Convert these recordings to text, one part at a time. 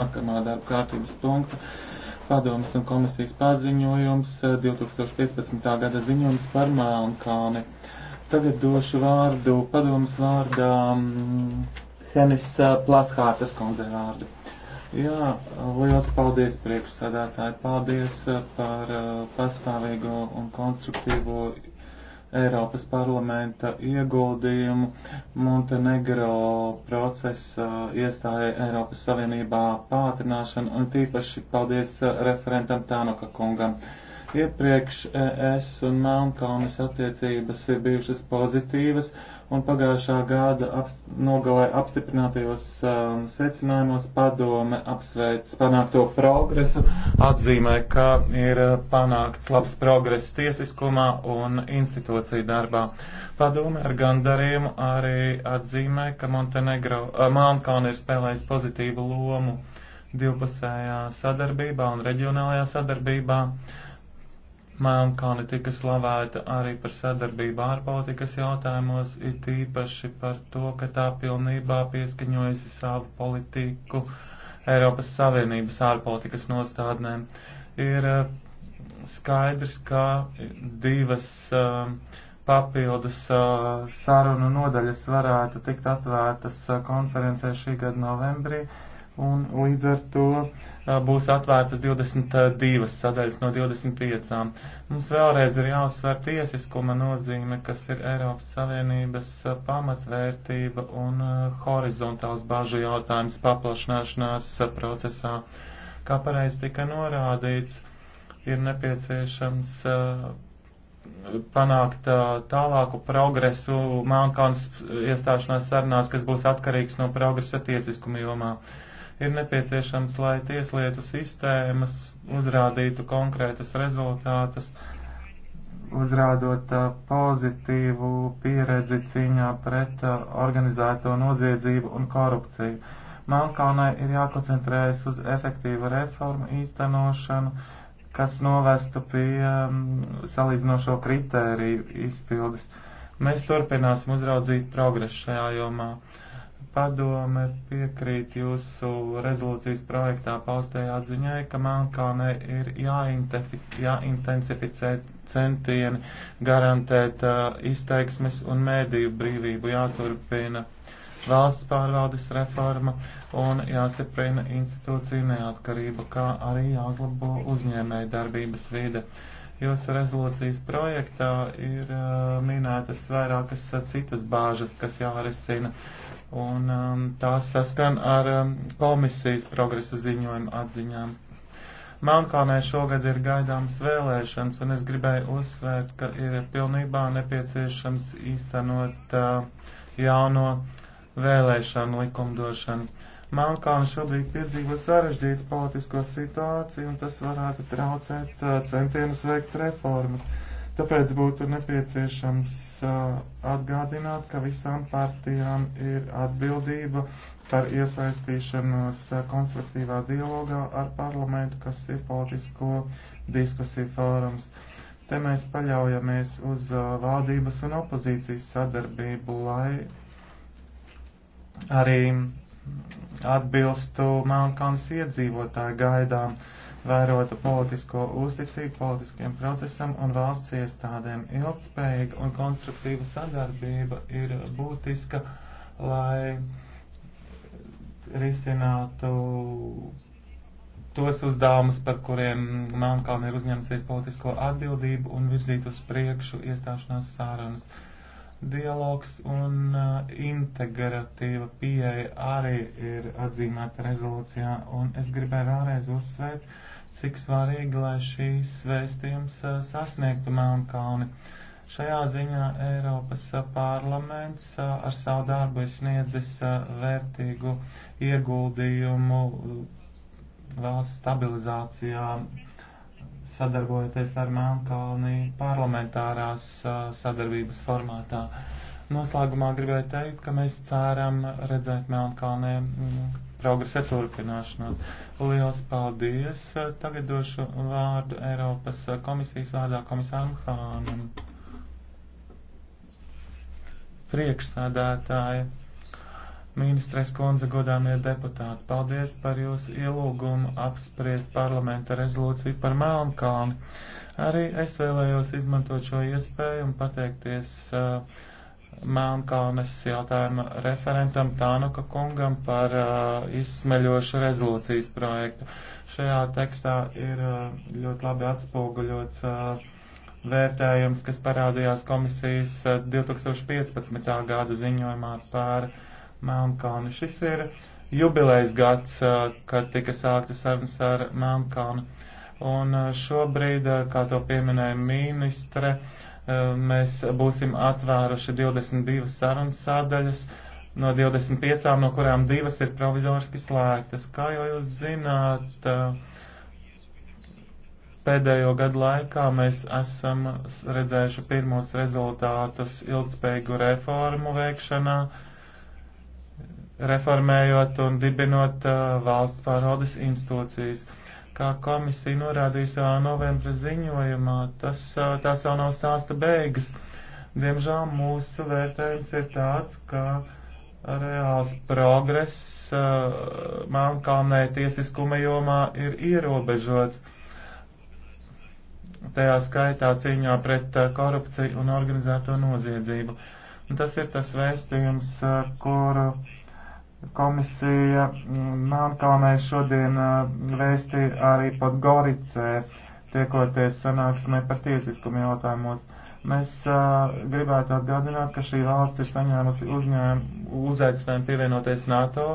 Nākamā darba kārtības punkta padomas un komisijas paziņojums 2015. Eh, gada ziņojums par Melnkalni. Tagad došu vārdu padomas vārdā mm, Henis eh, Plashārtas kundzei vārdu. Jā, liels paldies priekšsādātāji, paldies eh, par pastāvīgo un konstruktīvo Eiropas parlamenta ieguldījumu Montenegro procesa iestāja Eiropas Savienībā pātrināšanu un tīpaši paldies uh, referentam Tānoka kungam. Iepriekš uh, ES un Melnkalnes attiecības ir bijušas pozitīvas un pagājušā gada ap, nogalē apstiprinātajos um, secinājumos padome apsveic panākto progresu, atzīmē, ka ir uh, panākts labs progress tiesiskumā un institūciju darbā. Padome ar gandarījumu arī atzīmē, ka Montenegro, uh, Melnkalna ir spēlējis pozitīvu lomu divpusējā sadarbībā un reģionālajā sadarbībā. Uh, Melnkalni tika slavēta arī par sadarbību ārpolitikas jautājumos, it īpaši par to, ka tā pilnībā pieskaņojusi savu politiku Eiropas Savienības ārpolitikas nostādnēm. Ir eh, skaidrs, ka divas eh, papildus eh, sarunu nodaļas varētu tikt atvērtas konferencē šī gada novembrī un līdz ar to būs atvērtas 22 sadaļas no 25. Mums vēlreiz ir jāuzsver tiesiskuma nozīme, kas ir Eiropas Savienības pamatvērtība un horizontāls bāžu jautājums paplašināšanās procesā. Kā pareizi tika norādīts, ir nepieciešams panākt tālāku progresu Melnkalnas iestāšanās sarunās, kas būs atkarīgs no progresa tiesiskuma jomā. Uh, ir nepieciešams, lai tieslietu sistēmas uzrādītu konkrētas rezultātas, uzrādot uh, pozitīvu pieredzi cīņā pret uh, organizēto noziedzību un korupciju. Melnkalnai ir jākoncentrējas uz efektīvu reformu īstenošanu, kas novestu pie um, salīdzinošo kritēriju izpildes. Mēs turpināsim uzraudzīt progresu šajā jomā. Uh, Padome piekrīt jūsu rezolūcijas projektā paustajā atziņai, ka Melnkalnē ir jāintensificē centieni garantēt uh, izteiksmes un mēdīju brīvību, jāturpina valsts pārvaldes reforma un jāstiprina institūciju neatkarība, kā arī jāuzlabo uzņēmēja darbības vide. Uh, Jūsu rezolūcijas projektā ir uh, minētas vairākas uh, citas bāžas, kas jārisina, un um, tās saskan ar um, komisijas progresa ziņojumu atziņām. Melnkalnē šogad ir gaidāmas vēlēšanas, un es gribēju uzsvērt, ka ir pilnībā nepieciešams īstenot uh, jauno vēlēšanu likumdošanu. Melnkalna šobrīd piedzīvo sarežģītu politisko situāciju, un tas varētu traucēt centienus veikt reformas. Tāpēc būtu nepieciešams atgādināt, ka visām partijām ir atbildība par iesaistīšanos konstruktīvā dialogā ar parlamentu, kas ir politisko diskusiju fórums. Te mēs paļaujamies uz valdības un opozīcijas sadarbību, lai arī atbilstu Melnkalnas iedzīvotāju gaidām, vērota politisko uzticību politiskiem procesam un valsts iestādēm. Ilgtspējīga un konstruktīva sadarbība ir būtiska, lai risinātu tos uzdevumus, par kuriem Melnkalna ir uzņemsies politisko atbildību un virzīt uz priekšu iestāšanās sārunas dialogs un uh, integratīva pieeja arī ir atzīmēta rezolūcijā, un es gribēju vēlreiz uzsvērt, cik svarīgi, lai šīs vēstījums uh, sasniegtu Melnkalni. Šajā ziņā Eiropas uh, parlaments uh, ar savu darbu ir sniedzis uh, vērtīgu ieguldījumu uh, valsts stabilizācijā sadarbojoties ar Melnkalni parlamentārās sadarbības formātā. Noslēgumā gribēju teikt, ka mēs ceram redzēt Melnkalnē mm, progresa turpināšanos. Liels paldies! Tagad došu vārdu Eiropas komisijas vārdā komisāram Hānam. Priekšsādātāja. Ministres kundze, godāmie deputāti, paldies par jūsu ielūgumu apspriest parlamenta rezolūciju par Melnkalni. Arī es vēlējos izmantot šo iespēju un pateikties uh, Melnkalnes jautājuma referentam Tānuka kungam par uh, izsmeļošu rezolūcijas projektu. Šajā tekstā ir uh, ļoti labi atspoguļots. Uh, Vērtējums, kas parādījās komisijas 2015. Uh, gada ziņojumā par uh, Melnkalnu. Šis ir jubilejas gads, kad tika sākta sarunas ar Melnkalnu. Un šobrīd, kā to pieminēja ministre, mēs būsim atvēruši 22 sarunas sādaļas, no 25, no kurām divas ir provizoriski slēgtas. Kā jau jūs zināt, pēdējo gadu laikā mēs esam redzējuši pirmos rezultātus ilgspējīgu reformu veikšanā reformējot un dibinot uh, valsts pārvaldes institūcijas. Kā komisija norādīja savā novembra ziņojumā, tas, uh, tās vēl nav stāsta beigas. Diemžēl mūsu vērtējums ir tāds, ka reāls progress uh, Melnkalnē tiesiskuma jomā ir ierobežots. Tajā skaitā cīņā pret uh, korupciju un organizēto noziedzību. Un tas ir tas vēstījums, uh, kuru Komisija mm, Melnkalnē šodien vēsti arī Podgoricē, tiekoties sanāksmē par tiesiskumu jautājumos. Mēs uh, gribētu atgādināt, ka šī valsts ir saņēmusi uzņēmu, uzaicinājumu pievienoties NATO,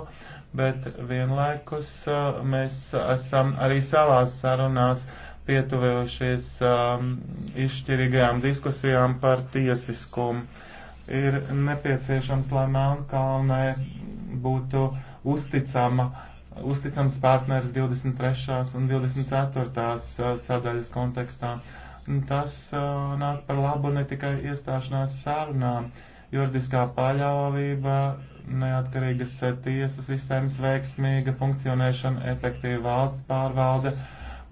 bet vienlaikus uh, mēs esam arī savās sarunās pietuvējušies um, izšķirīgajām diskusijām par tiesiskumu ir nepieciešams, lai Melnkalnē būtu uzticama, uzticams partners 23. un 24. Uh, sadaļas kontekstā. Tas uh, nāk par labu ne tikai iestāšanās sārunām, juridiskā paļāvība, neatkarīgas uh, tiesas sistēmas veiksmīga funkcionēšana, efektīva valsts pārvalde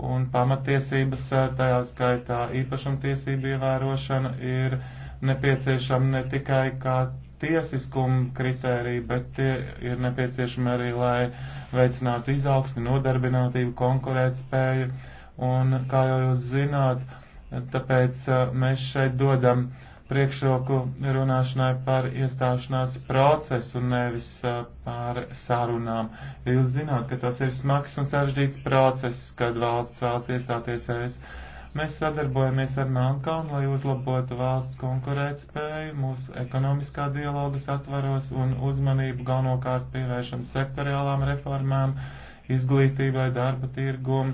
un pamatiesības, uh, tajā skaitā īpašumtiesību ievērošana ir uh, nepieciešami ne tikai kā tiesiskuma kritēriji, bet tie ir nepieciešami arī, lai veicinātu izaugsmi, nodarbinātību, konkurētspēju. Un, kā jau jūs zināt, tāpēc uh, mēs šeit dodam priekšroku runāšanai par iestāšanās procesu un nevis uh, par sarunām. Ja jūs zināt, ka tas ir smags un sarežģīts process, kad valsts vēlas iestāties ES. Ja Mēs sadarbojamies ar Melnkalnu, lai uzlabotu valsts konkurētspēju, mūsu ekonomiskā dialogas atvaros un uzmanību galvenokārt pievēršam sektoriālām reformām, izglītībai, darba tirgum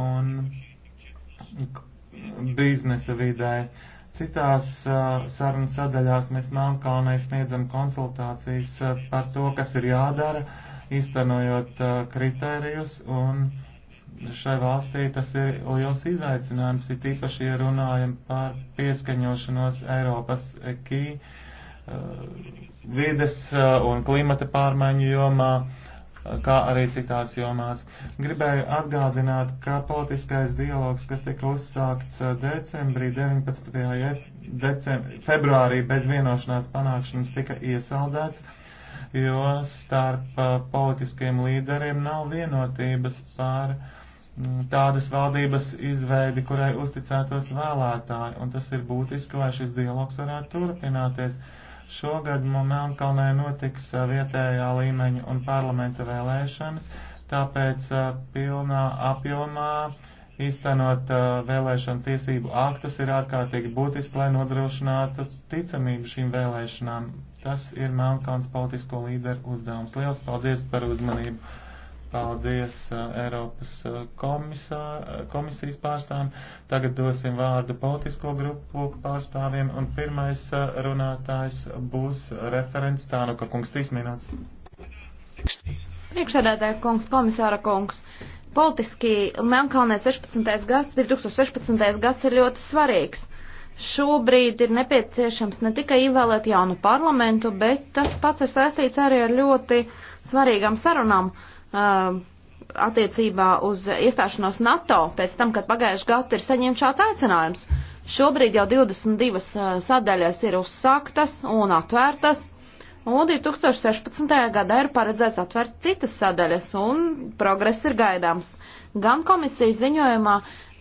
un biznesa vidē. Citās uh, sarunas sadaļās mēs Melnkalnai sniedzam konsultācijas uh, par to, kas ir jādara, iztenojot uh, kritērijus un uh, šai valstī tas ir liels izaicinājums, ir tīpaši, ja runājam par pieskaņošanos Eiropas ekī eh, vides eh, un klimata pārmaiņu jomā, eh, kā arī citās jomās. Gribēju atgādināt, ka politiskais dialogs, kas tika uzsākts decembrī, 19. Decembrī, februārī bez vienošanās panākšanas tika iesaldēts jo starp politiskiem līderiem nav vienotības par uh, Mm, tādas valdības izveidi, kurai uzticētos vēlētāji, un tas ir būtiski, lai šis dialogs varētu turpināties. Šogad Melnkalnē notiks vietējā līmeņa un parlamenta vēlēšanas, tāpēc pilnā apjomā īstenot vēlēšanu tiesību aktus ir ārkārtīgi būtiski, lai nodrošinātu ticamību šīm vēlēšanām. Tas ir Melnkalns politisko līderu uzdevums. Liels paldies par uzmanību! Paldies uh, Eiropas uh, komisā, uh, komisijas pārstāvjiem. Tagad dosim vārdu politisko grupu pārstāvjiem, un pirmais runātājs būs referents Tānuka kungs. Trīs minūtes. Priekšsēdētāja kungs, komisāra kungs. Politiski Melnkalnē 16. gads, 2016. gads ir ļoti svarīgs. Šobrīd ir nepieciešams ne tikai ievēlēt jaunu parlamentu, bet tas pats ir saistīts arī ar ļoti svarīgām sarunām. Uh, um, attiecībā uz iestāšanos NATO pēc tam, kad pagājuši gadu ir saņemts šāds aicinājums. Šobrīd jau 22 uh, sadaļas ir uzsāktas un atvērtas, un 2016. gadā ir paredzēts atvērt citas sadaļas, un progress ir gaidāms. Gan komisijas ziņojumā,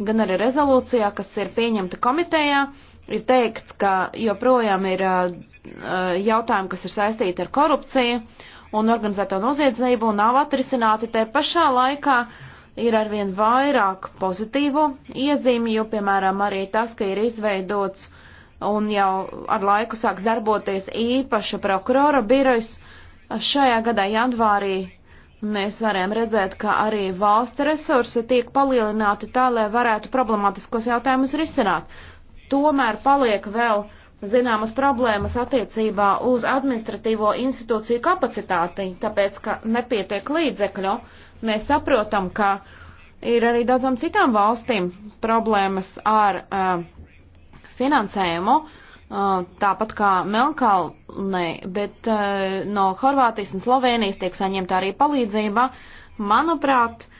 gan arī rezolūcijā, kas ir pieņemta komitejā, ir teikts, ka joprojām ir uh, uh, jautājumi, kas ir saistīti ar korupciju, un organizēto noziedzību nav atrisināti, te pašā laikā ir arvien vairāk pozitīvu iezīmju, jo, piemēram, arī tas, ka ir izveidots un jau ar laiku sāks darboties īpaša prokurora birojas. Šajā gadā janvārī mēs varējām redzēt, ka arī valsts resursi tiek palielināti tā, lai varētu problemātiskos jautājumus risināt. Tomēr paliek vēl uh, zināmas problēmas attiecībā uz administratīvo institūciju kapacitāti, tāpēc, ka nepietiek līdzekļu. Mēs saprotam, ka ir arī daudzām citām valstīm problēmas ar uh, finansējumu, uh, tāpat kā Melnkalnē, bet uh, no Horvātijas un Slovenijas tiek saņemta arī palīdzība. Manuprāt, uh,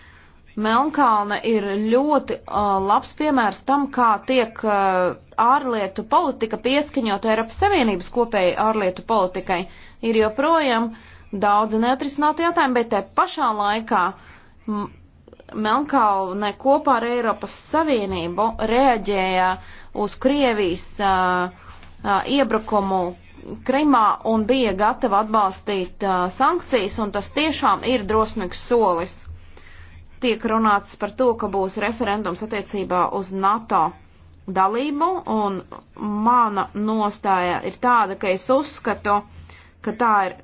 Melnkalne ir ļoti uh, labs piemērs tam, kā tiek uh, ārlietu politika pieskaņot Eiropas Savienības kopēji ārlietu politikai. Ir joprojām daudzi neatrisināti jautājumi, bet te pašā laikā Melnkalne kopā ar Eiropas Savienību reaģēja uz Krievijas uh, uh, iebrukumu Krimā un bija gatava atbalstīt uh, sankcijas, un tas tiešām ir drosmīgs solis tiek runāts par to, ka būs referendums attiecībā uz NATO dalību, un mana nostāja ir tāda, ka es uzskatu, ka tā ir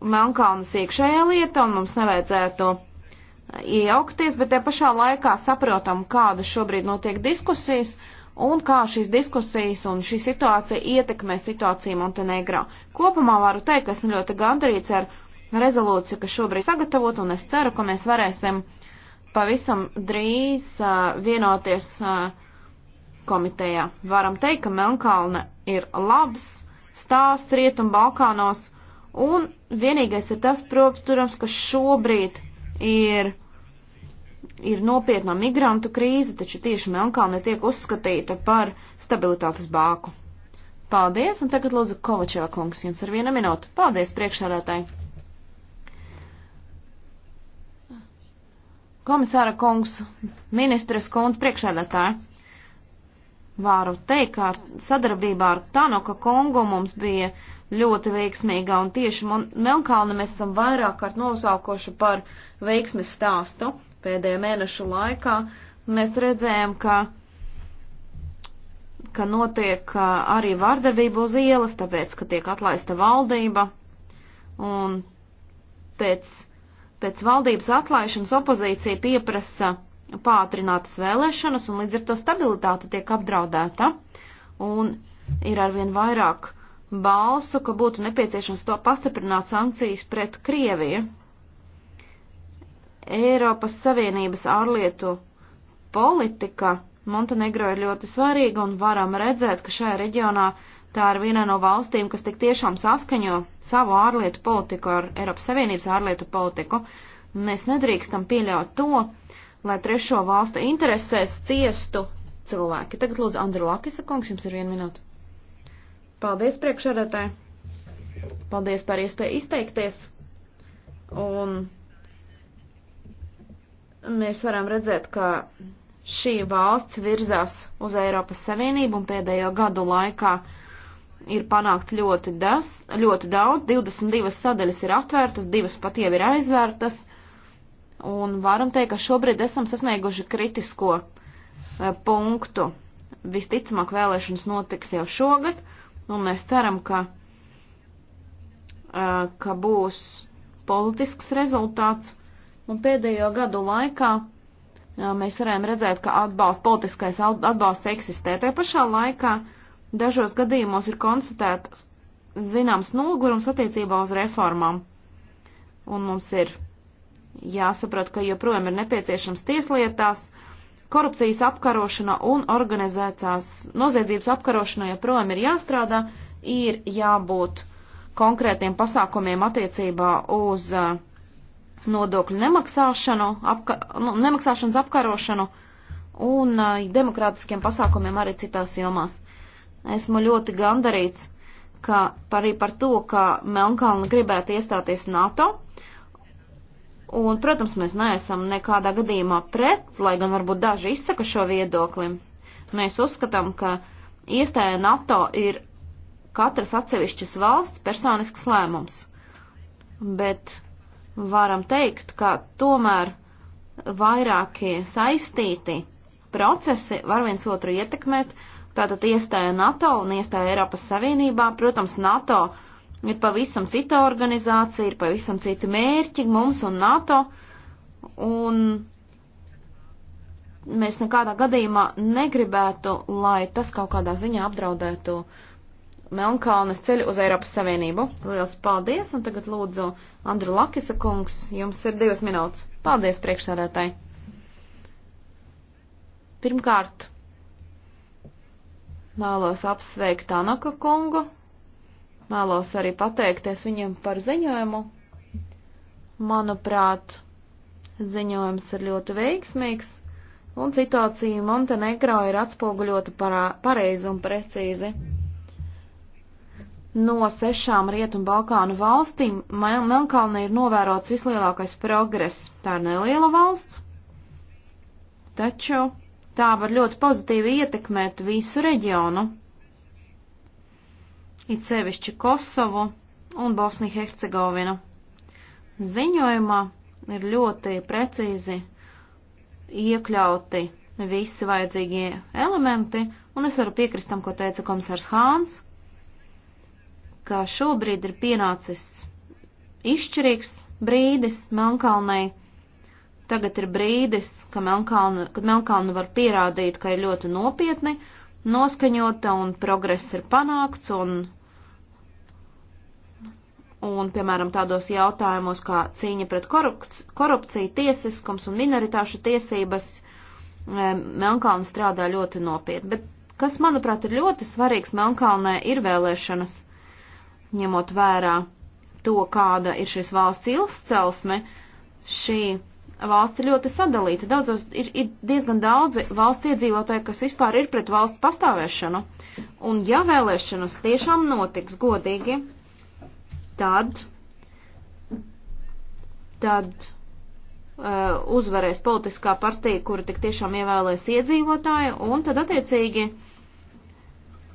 Melnkalnas iekšējā lieta, un mums nevajadzētu iejaukties, bet te pašā laikā saprotam, kādas šobrīd notiek diskusijas, un kā šīs diskusijas un šī situācija ietekmē situāciju Montenegrā. Kopumā varu teikt, ka esmu ļoti gandarīts ar rezolūciju, kas šobrīd sagatavot, un es ceru, ka mēs varēsim uh, pavisam drīz uh, vienoties uh, komitejā. Varam teikt, ka Melnkalne ir labs stāsts Rietum Balkānos, un vienīgais ir tas, protams, ka šobrīd ir, ir nopietna migrantu krīze, taču tieši Melnkalne tiek uzskatīta par stabilitātes bāku. Paldies, un tagad lūdzu Kovačeva kungs, jums ar vienu minūtu. Paldies, priekšsādātāji! Komisāra kungs, ministres kungs, priekšēdētāji. Vāru teikt, ka sadarbībā ar Tanoka kungu mums bija ļoti veiksmīga un tieši Melnkalni mēs esam vairāk kārt nosaukoši par veiksmes stāstu pēdējā mēnešu laikā. Mēs redzējām, ka, ka notiek arī vardarbība uz ielas, tāpēc, ka tiek atlaista valdība un pēc Pēc valdības atlaišanas opozīcija pieprasa pātrinātas vēlēšanas, un līdz ar to stabilitāte tiek apdraudēta. Un ir arvien vairāk balsu, ka būtu nepieciešams to pastiprināt sankcijas pret Krieviju. Eiropas Savienības ārlietu politika Montenegro ir ļoti svarīga, un varam redzēt, ka šajā reģionā uh, Tā ir viena no valstīm, kas tik tiešām saskaņo savu ārlietu politiku ar Eiropas Savienības ārlietu politiku. Mēs nedrīkstam pieļaut to, lai trešo valstu interesēs ciestu cilvēki. Tagad lūdzu Andru Lakisa kungs, jums ir viena minūte. Paldies priekšsēdētāji. Paldies par iespēju izteikties. Un mēs varam redzēt, ka šī valsts virzās uz Eiropas Savienību un pēdējo gadu laikā uh, ir panākt ļoti, das, ļoti daudz. 22 sadaļas ir atvērtas, divas pat jau ir aizvērtas. Un varam teikt, ka šobrīd esam sasnieguši kritisko e, punktu. Visticamāk vēlēšanas notiks jau šogad, un mēs ceram, ka, e, ka būs politisks rezultāts. Un pēdējo gadu laikā e, mēs varējām redzēt, ka atbalsts, politiskais atbalsts eksistē. Tajā pašā laikā uh, Dažos gadījumos ir konstatēts zināms nogurums attiecībā uz reformām, un mums ir jāsaprot, ka joprojām ir nepieciešams tieslietās, korupcijas apkarošana un organizētās noziedzības apkarošana joprojām ir jāstrādā, ir jābūt konkrētiem pasākumiem attiecībā uz uh, nodokļu nemaksāšanu, apka, nu, nemaksāšanas apkarošanu un uh, demokrātiskiem pasākumiem arī citās jomās. Esmu ļoti gandarīts ka arī par to, ka Melnkalna gribētu iestāties NATO. Un, protams, mēs neesam nekādā gadījumā pret, lai gan varbūt daži izsaka šo viedokli. Mēs uzskatām, ka iestāja NATO ir katras atsevišķas valsts personisks lēmums. Bet varam teikt, ka tomēr vairākie saistīti procesi var viens otru ietekmēt, uh, Tātad iestāja NATO un iestāja Eiropas Savienībā. Protams, NATO ir pavisam cita organizācija, ir pavisam citi mērķi mums un NATO. Un mēs nekādā gadījumā negribētu, lai tas kaut kādā ziņā apdraudētu Melnkalnes ceļu uz Eiropas Savienību. Lielas paldies, un tagad lūdzu Andru Lakisa kungs, jums ir divas minūtes. Paldies priekšsādātāji. Pirmkārt, Vēlos apsveikt Tanaka kungu. Vēlos arī pateikties viņiem par ziņojumu. Manuprāt, ziņojums ir ļoti veiksmīgs, un situācija Montenegro ir atspoguļota parā, pareizi un precīzi. No sešām Rietumu Balkānu valstīm Mel Melkalne ir novērots vislielākais progress. Tā ir neliela valsts, taču Tā var ļoti pozitīvi ietekmēt visu reģionu, it sevišķi Kosovu un Bosniju Hercegovinu. Ziņojumā ir ļoti precīzi iekļauti visi vajadzīgie elementi, un es varu piekrist tam, ko teica komisārs Hāns, ka šobrīd ir pienācis izšķirīgs brīdis Melnkalnei Tagad ir brīdis, ka Melnkalna, kad Melnkalna var pierādīt, ka ir ļoti nopietni noskaņota un progress ir panākts un, un piemēram, tādos jautājumos kā cīņa pret korupci, korupciju, tiesiskums un minoritāšu tiesības, eh, Melnkalna strādā ļoti nopietni. Bet kas, manuprāt, ir ļoti svarīgs Melnkalnē, ir vēlēšanas, ņemot vērā to, kāda ir šis valsts ilgcelsme, šī valsts ir ļoti sadalīta. Daudzos ir, ir diezgan daudzi valsts iedzīvotāji, kas vispār ir pret valsts pastāvēšanu. Un ja vēlēšanas tiešām notiks godīgi, tad, tad uh, uzvarēs politiskā partija, kura tik tiešām ievēlēs iedzīvotāju, un tad attiecīgi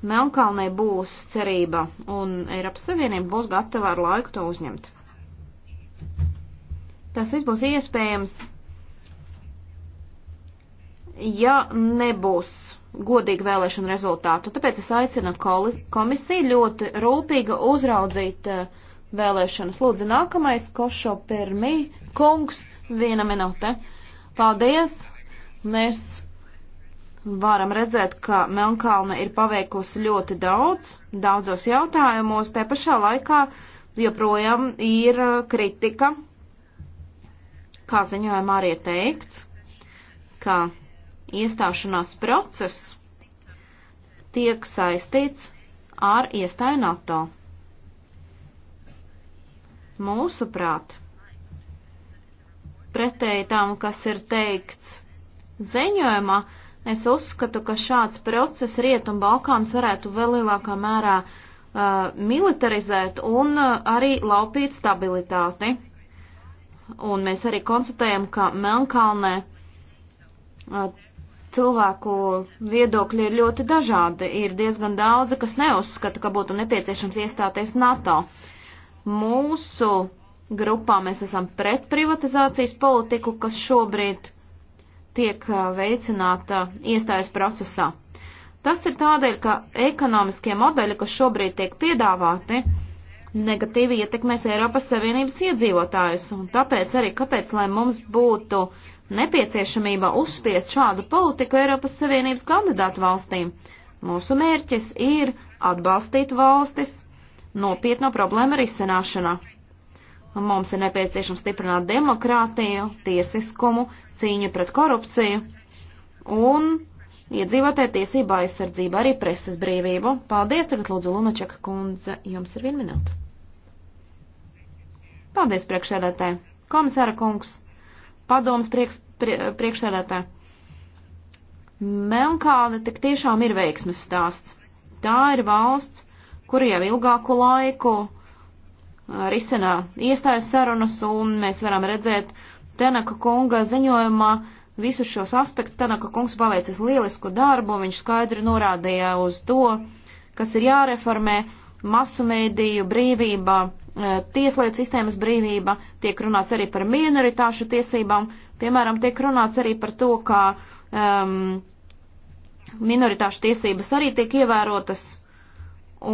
Melnkalnē būs cerība, un Eiropas Savienība būs gatava ar laiku to uzņemt. Tas viss būs iespējams, ja nebūs godīgi vēlēšana rezultātu. Tāpēc es aicinu komisiju ļoti rūpīgi uzraudzīt eh, vēlēšanas. Lūdzu, nākamais košo pirmī, kungs, viena minūte. Paldies! Mēs varam redzēt, ka Melnkalne ir paveikusi ļoti daudz, daudzos jautājumos, te pašā laikā joprojām ir eh, kritika Kā ziņojumā arī ir teikts, ka iestāšanās process tiek saistīts ar iestāju NATO. Mūsuprāt, pretēji tam, kas ir teikts ziņojumā, es uzskatu, ka šāds process Rietum Balkāns varētu vēl lielākā mērā uh, militarizēt un uh, arī laupīt stabilitāti. Un mēs arī konstatējam, ka Melnkalnē cilvēku viedokļi ir ļoti dažādi. Ir diezgan daudzi, kas neuzskata, ka būtu nepieciešams iestāties NATO. Mūsu grupā mēs esam pret privatizācijas politiku, kas šobrīd tiek veicināta iestājas procesā. Tas ir tādēļ, ka ekonomiskie modeļi, kas šobrīd tiek piedāvāti, negatīvi ietekmēs Eiropas Savienības iedzīvotājus. Un tāpēc arī, kāpēc, lai mums būtu nepieciešamība uzspiest šādu politiku Eiropas Savienības kandidātu valstīm, mūsu mērķis ir atbalstīt valstis nopietno problēmu risināšanā. Mums ir nepieciešams stiprināt demokrātiju, tiesiskumu, cīņu pret korupciju un iedzīvotāju tiesību aizsardzību, arī preses brīvību. Paldies, tagad lūdzu Lunačaka kundze, jums ir viena minūte. Paldies, priekšsēdētē. Komisāra kungs, padomas prieks, prie, priekšsēdētē. Melnkalne tik tiešām ir veiksmes stāsts. Tā ir valsts, kur jau ilgāku laiku risinā iestājas sarunas, un mēs varam redzēt Tenaka kunga ziņojumā visus šos aspektus. Tenaka kungs paveicis lielisku darbu, viņš skaidri norādīja uz to, kas ir jāreformē masu mēdīju brīvība, Eh, tieslietu sistēmas brīvība, tiek runāts arī par minoritāšu tiesībām, piemēram, tiek runāts arī par to, ka um, minoritāšu tiesības arī tiek ievērotas.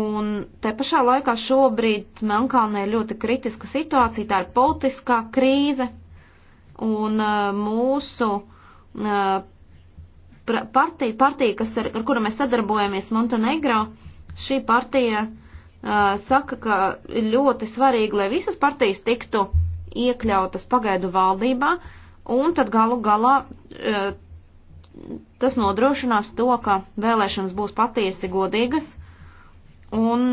Un te pašā laikā šobrīd Melnkalnē ir ļoti kritiska situācija, tā ir politiskā krīze, un uh, mūsu uh, partija, partija kas ar, ar kuru mēs sadarbojamies Montenegro, šī partija uh, saka, ka ir ļoti svarīgi, lai visas partijas tiktu iekļautas pagaidu valdībā, un tad galu galā tas nodrošinās to, ka vēlēšanas būs patiesi godīgas, un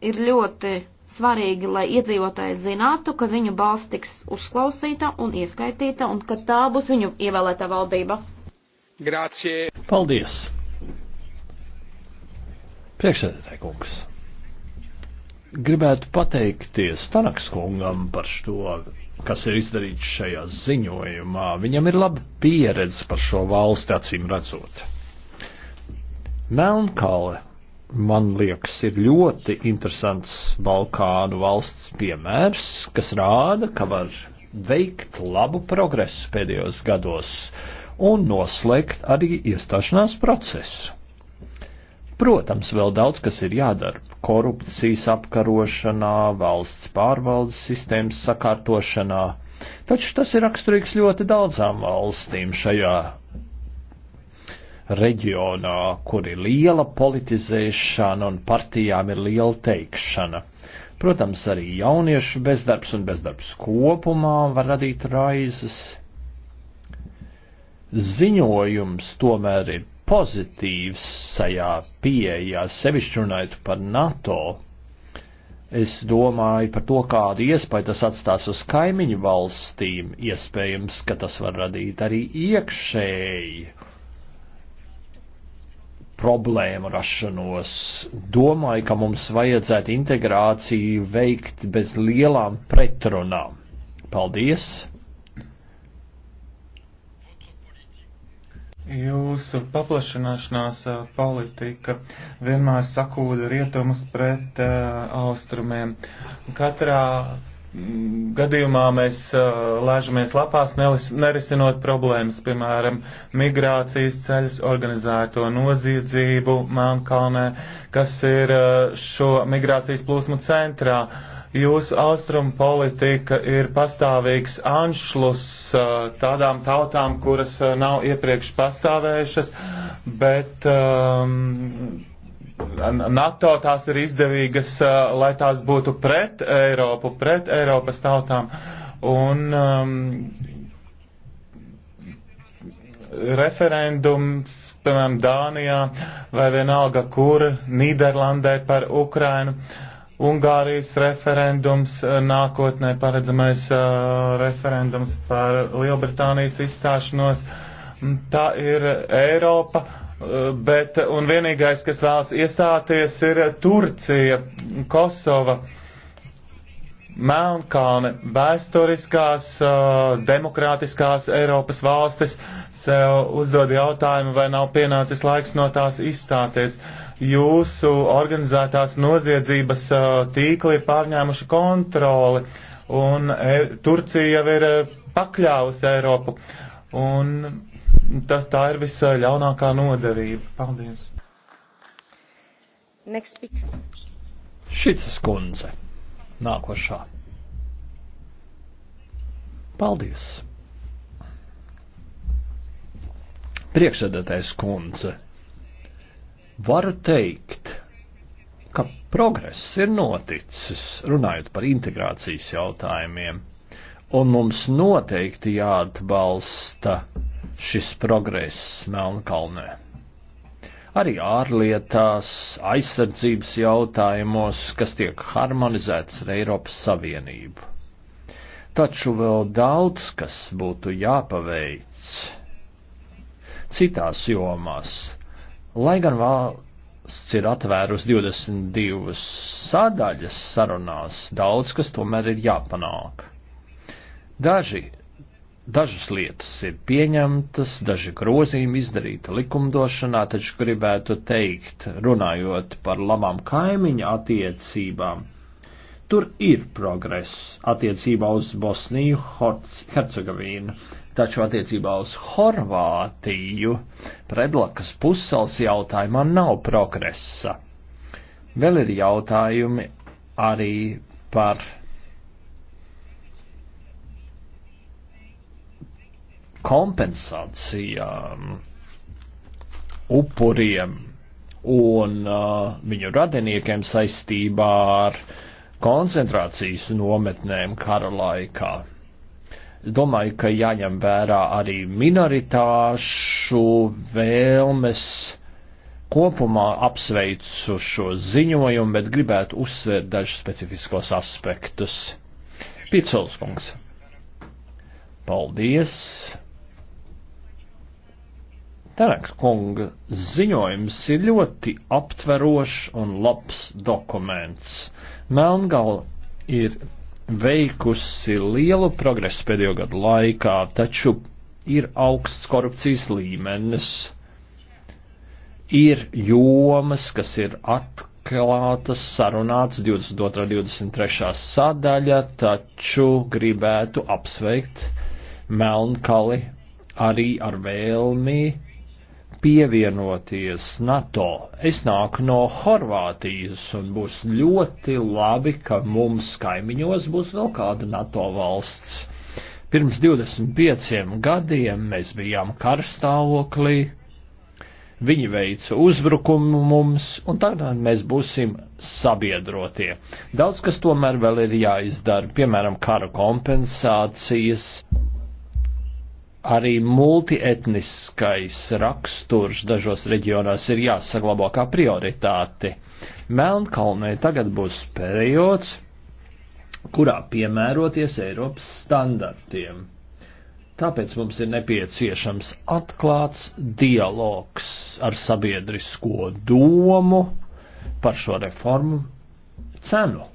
ir ļoti svarīgi, lai iedzīvotāji zinātu, ka viņu balss tiks uzklausīta un ieskaitīta, un ka tā būs viņu ievēlētā valdība. Grācie! Paldies! Priekšsēdētāji kungs! gribētu pateikties Tanaks kungam par to, kas ir izdarīts šajā ziņojumā. Viņam ir laba pieredze par šo valsti acīm redzot. Melnkale, man liekas, ir ļoti interesants Balkānu valsts piemērs, kas rāda, ka var veikt labu progresu pēdējos gados un noslēgt arī iestāšanās procesu. Protams, vēl daudz kas ir jādara, korupcijas apkarošanā, valsts pārvaldes sistēmas sakārtošanā. Taču tas ir raksturīgs ļoti daudzām valstīm šajā reģionā, kur ir liela politizēšana un partijām ir liela teikšana. Protams, arī jauniešu bezdarbs un bezdarbs kopumā var radīt raizes. Ziņojums tomēr ir pozitīvs sajā pieejā, sevišķi runājot par NATO. Es domāju par to, kādu iespēju tas atstās uz kaimiņu valstīm. Iespējams, ka tas var radīt arī iekšēji problēmu rašanos. Domāju, ka mums vajadzētu integrāciju veikt bez lielām pretrunām. Paldies! Jūsu paplašināšanās politika vienmēr sakūda rietumus pret uh, austrumiem. Katrā mm, gadījumā mēs uh, lēžamies lapās, nelis, nerisinot problēmas, piemēram, migrācijas ceļus, organizēto noziedzību Mānkalnē, kas ir uh, šo migrācijas plūsmu centrā. Uh, Jūsu austrumu politika ir pastāvīgs anšlus uh, tādām tautām, kuras uh, nav iepriekš pastāvējušas, bet um, NATO tās ir izdevīgas, uh, lai tās būtu pret Eiropu, pret Eiropas tautām. Un um, referendums, piemēram, Dānijā vai vienalga kur, Nīderlandē par Ukrainu. Uh, Ungārijas referendums, eh, nākotnē paredzamais uh, referendums par Lielbritānijas izstāšanos. Tā ir Eiropa, eh, bet un vienīgais, kas vēlas iestāties, ir Turcija, Kosova, Melnkalne, vēsturiskās, uh, demokrātiskās Eiropas valstis sev uzdod jautājumu, vai nav pienācis laiks no tās izstāties. Uh, jūsu organizētās noziedzības tīkli ir pārņēmuši kontroli, un Turcija jau ir pakļāvusi Eiropu. Un tas, tā ir visļaunākā nodevība. Paldies! Šis skundze nākošā. Paldies! Priekšsēdētājs skundze. Varu teikt, ka progress ir noticis, runājot par integrācijas jautājumiem, un mums noteikti jāatbalsta šis progress Melnkalnē. Arī ārlietās, aizsardzības jautājumos, kas tiek harmonizēts ar Eiropas Savienību. Taču vēl daudz, kas būtu jāpaveic citās jomās Lai gan valsts ir atvērusi 22 sadaļas sarunās, daudz kas tomēr ir jāpanāk. Daži, dažas lietas ir pieņemtas, daži grozījumi izdarīta likumdošanā, taču gribētu teikt, runājot par labām kaimiņa attiecībām, tur ir progress attiecībā uz Bosniju, Hercegovīnu. Taču attiecībā uz Horvātiju predlakas pussals jautājumā nav progresa. Vēl ir jautājumi arī par kompensācijām upuriem un uh, viņu radiniekiem saistībā ar koncentrācijas nometnēm kara laikā. Domāju, ka jāņem vērā arī minoritāšu vēlmes. Kopumā apsveicu šo ziņojumu, bet gribētu uzsvērt dažus specifiskos aspektus. Pitsels kungs. Paldies! Tereks kunga ziņojums ir ļoti aptverošs un labs dokuments. Melngala ir veikusi lielu progresu pēdējo gadu laikā, taču ir augsts korupcijas līmenis, ir jomas, kas ir atklātas, sarunātas 22. un 23. sadaļa, taču gribētu apsveikt Melnkali arī ar vēlmi pievienoties NATO. Es nāku no Horvātijas un būs ļoti labi, ka mums kaimiņos būs vēl kāda NATO valsts. Pirms 25 gadiem mēs bijām karstāvoklī, viņi veica uzbrukumu mums, un tagad mēs būsim sabiedrotie. Daudz kas tomēr vēl ir jāizdara, piemēram, kara kompensācijas arī multietniskais raksturs dažos reģionās ir jāsaglabā kā prioritāti. Melnkalnē tagad būs periods, kurā piemēroties Eiropas standartiem. Tāpēc mums ir nepieciešams atklāts dialogs ar sabiedrisko domu par šo reformu cenu.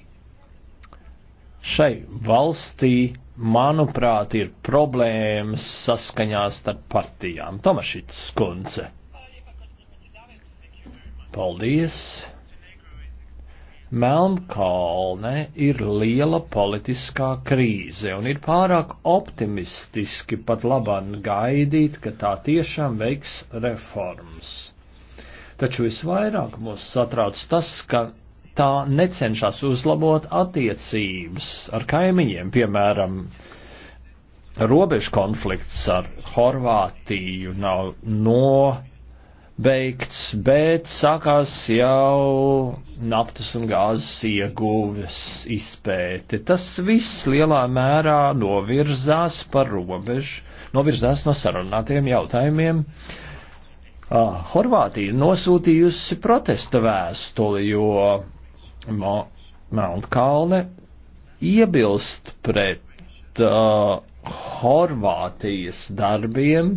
Šai valstī manuprāt, ir problēmas saskaņā starp partijām. Tomašits Skunce. Paldies! Melnkalne ir liela politiskā krīze un ir pārāk optimistiski pat labāk gaidīt, ka tā tiešām veiks reformas. Taču visvairāk mūs satrauc tas, ka tā necenšas uzlabot attiecības ar kaimiņiem, piemēram, robežu konflikts ar Horvātiju nav nobeigts, bet sākās jau naftas un gāzes ieguves izpēte. Tas viss lielā mērā novirzās par robežu, novirzās no sarunātiem jautājumiem. Uh, Horvātija nosūtījusi protesta vēstuli, jo Melnkalne iebilst pret uh, Horvātijas darbiem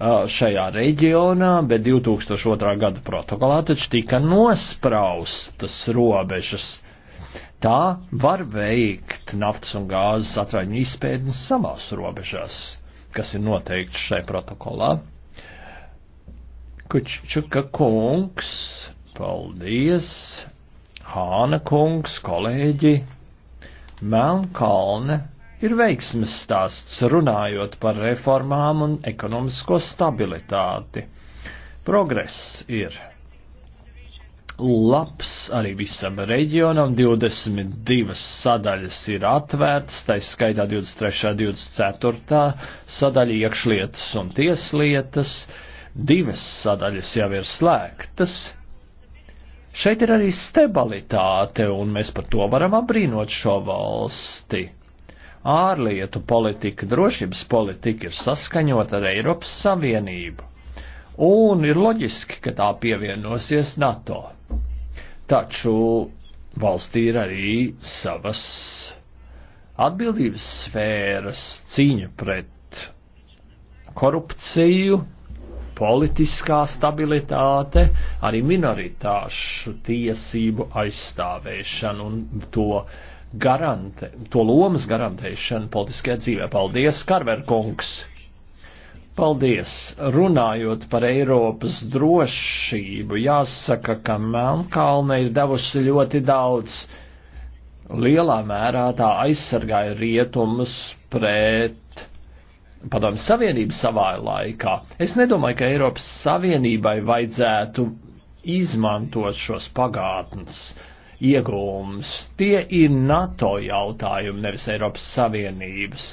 uh, šajā reģionā, bet 2002. gada protokolā taču tika nospraustas robežas. Tā var veikt naftas un gāzes atraņu izpētnes savās robežās, kas ir noteikts šai protokolā. Kučuka kungs, paldies! Hāna kungs, kolēģi, Melnkalne ir veiksmes stāsts runājot par reformām un ekonomisko stabilitāti. Progress ir labs arī visam reģionam, 22 sadaļas ir atvērts, tā skaitā 23. 24. sadaļa iekšlietas un tieslietas, divas sadaļas jau ir slēgtas, Šeit ir arī stabilitāte, un mēs par to varam apbrīnot šo valsti. Ārlietu politika, drošības politika ir saskaņota ar Eiropas Savienību, un ir loģiski, ka tā pievienosies NATO. Taču valstī ir arī savas atbildības sfēras cīņa pret korupciju, politiskā stabilitāte, arī minoritāšu tiesību aizstāvēšana un to garante, to lomas garantēšana politiskajā dzīvē. Paldies, Karverkungs! Paldies! Runājot par Eiropas drošību, jāsaka, ka Melnkalne ir devusi ļoti daudz. Lielā mērā tā aizsargāja rietumus pret Padomju Savienību savā laikā. Es nedomāju, ka Eiropas Savienībai vajadzētu izmantot šos pagātnes iegūmus. Tie ir NATO jautājumi, nevis Eiropas Savienības.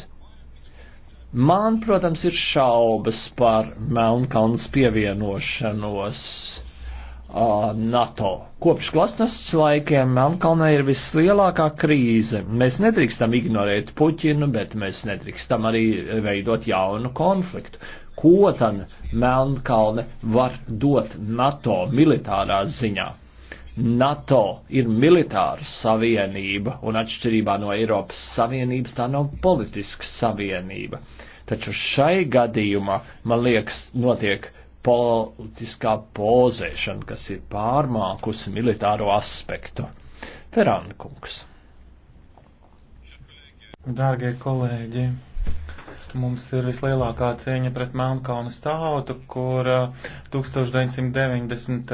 Man, protams, ir šaubas par Melnkalnas pievienošanos NATO. Kopš klasnes laikiem Melnkalnē ir vislielākā krīze. Mēs nedrīkstam ignorēt Puķinu, bet mēs nedrīkstam arī veidot jaunu konfliktu. Ko tad Melnkalne var dot NATO militārā ziņā? NATO ir militāra savienība, un atšķirībā no Eiropas Savienības tā nav politiska savienība. Taču šai gadījumā, man liekas, notiek uh, politiskā pozēšana, kas ir pārmākusi militāro aspektu. Ferankungs. Dārgie kolēģi, mums ir vislielākā cieņa pret Melnkalnes tautu, kur 1992.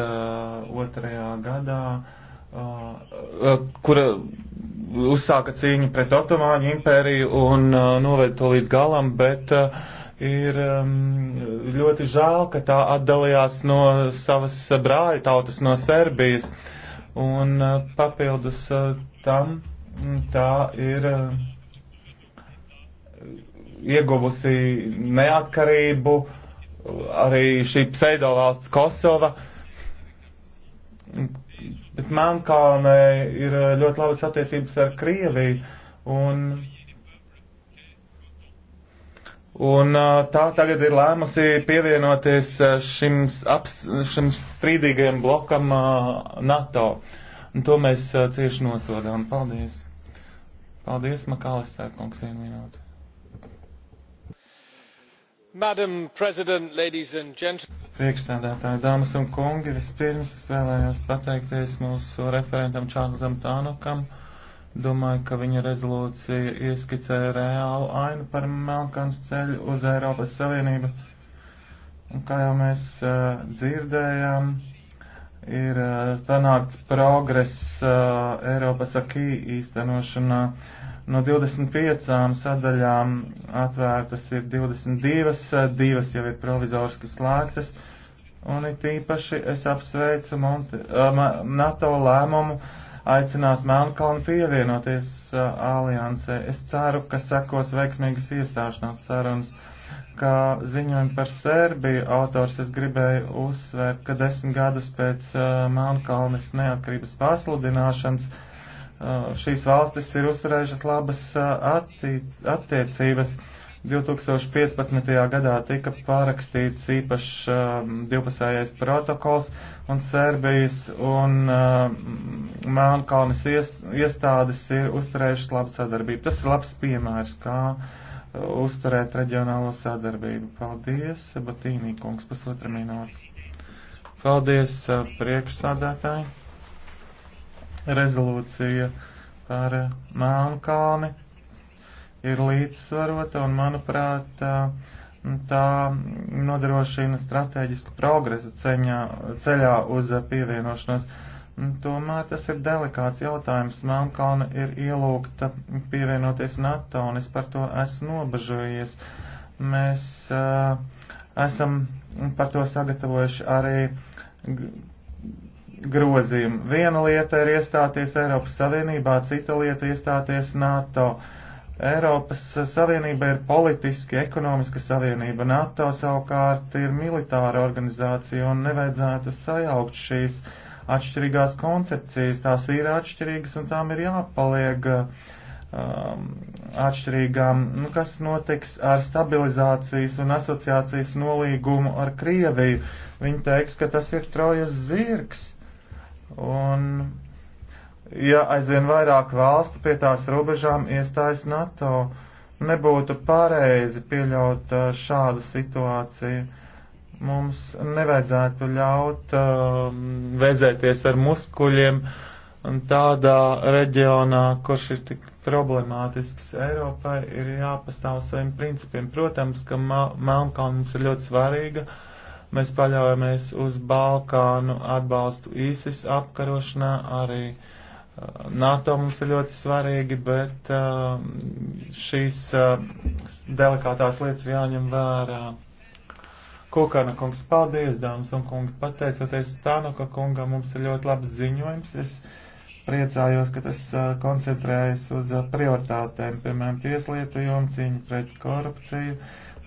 Uh, uh, gadā uh, kura uzsāka cīņu pret Otomāņu impēriju un noved to līdz galam, bet uh, Ir um, ļoti žēl, ka tā atdalījās no savas brāļa tautas, no Serbijas. Un uh, papildus uh, tam mm, tā ir uh, ieguvusi neatkarību arī šī pseidovalsts Kosova. Bet Melnkalnē ir ļoti labas attiecības ar Krieviju. Un Un tā tagad ir lēmusi pievienoties šim, aps, šim strīdīgajam blokam NATO. Un to mēs cieši nosodām. Paldies! Paldies, Makālistē, kungs, vienu minūti. Priekšsēdētāji, dāmas un kungi, vispirms es vēlējos pateikties mūsu referentam Čārlzam Tānokam. Uh, Domāju, ka viņa rezolūcija ieskicēja reālu ainu par Melkans ceļu uz Eiropas Savienību. Un kā jau mēs uh, dzirdējām, ir uh, panākts progress uh, Eiropas akī īstenošanā. No 25 sadaļām atvērtas ir 22, divas jau ir provizoriski slēgtas. Un it īpaši es apsveicu Monte, uh, NATO lēmumu uh, aicināt Melnkalnu pievienoties uh, aliansē. Es ceru, ka sekos veiksmīgas iestāšanās sarunas. Kā ziņojumi par Sērbiju autors es gribēju uzsvērt, ka desmit gadus pēc uh, Melnkalnes neatkarības pasludināšanas uh, šīs valstis ir uzturējušas labas uh, attiec attiecības. Uh, 2015. gadā tika pārakstīts īpašs uh, divpusējais protokols, un Serbijas un uh, Melnkalnes iest, iestādes ir uzturējušas labu sadarbību. Tas ir labs piemērs, kā uh, uzturēt reģionālo sadarbību. Paldies, Batīnī kungs, pusotra minūte. Paldies, uh, priekšsādātāji. Rezolūcija par uh, Melnkalni ir līdzsvarota un, manuprāt, tā nodrošina strateģisku progresu ceņā, ceļā uz pievienošanos. Tomēr tas ir delikāts jautājums. Melnkalna ir ielūgta pievienoties NATO, un es par to esmu nobežojies. Mēs uh, esam par to sagatavojuši arī grozījumu. Viena lieta ir iestāties Eiropas Savienībā, cita lieta iestāties NATO. Uh, Eiropas Savienība ir politiski, ekonomiska savienība, NATO savukārt ir militāra organizācija un nevajadzētu sajaukt šīs atšķirīgās koncepcijas. Tās ir atšķirīgas un tām ir jāpaliek um, atšķirīgām. Nu, kas notiks ar stabilizācijas un asociācijas nolīgumu ar Krieviju? Viņi teiks, ka tas ir trojas zirgs. Un ja aizvien vairāk valstu pie tās robežām iestājas NATO. Nebūtu pareizi pieļaut uh, šādu situāciju. Mums nevajadzētu ļaut uh, vēzēties ar muskuļiem tādā reģionā, kurš ir tik problemātisks. Eiropai ir jāpastāv saviem principiem. Protams, ka Melnkalna mums ir ļoti svarīga. Mēs paļaujamies uz Balkānu atbalstu īsis apkarošanā arī. Uh, NATO mums ir ļoti svarīgi, bet uh, šīs uh, delikātās lietas ir jāņem vērā. Kukana kungs, paldies, dāmas un kungi, pateicoties Tānuka kungam, mums ir ļoti labs ziņojums. Es priecājos, ka tas uh, koncentrējas uz prioritātēm, piemēram, tieslietujumu, cīņu pret korupciju,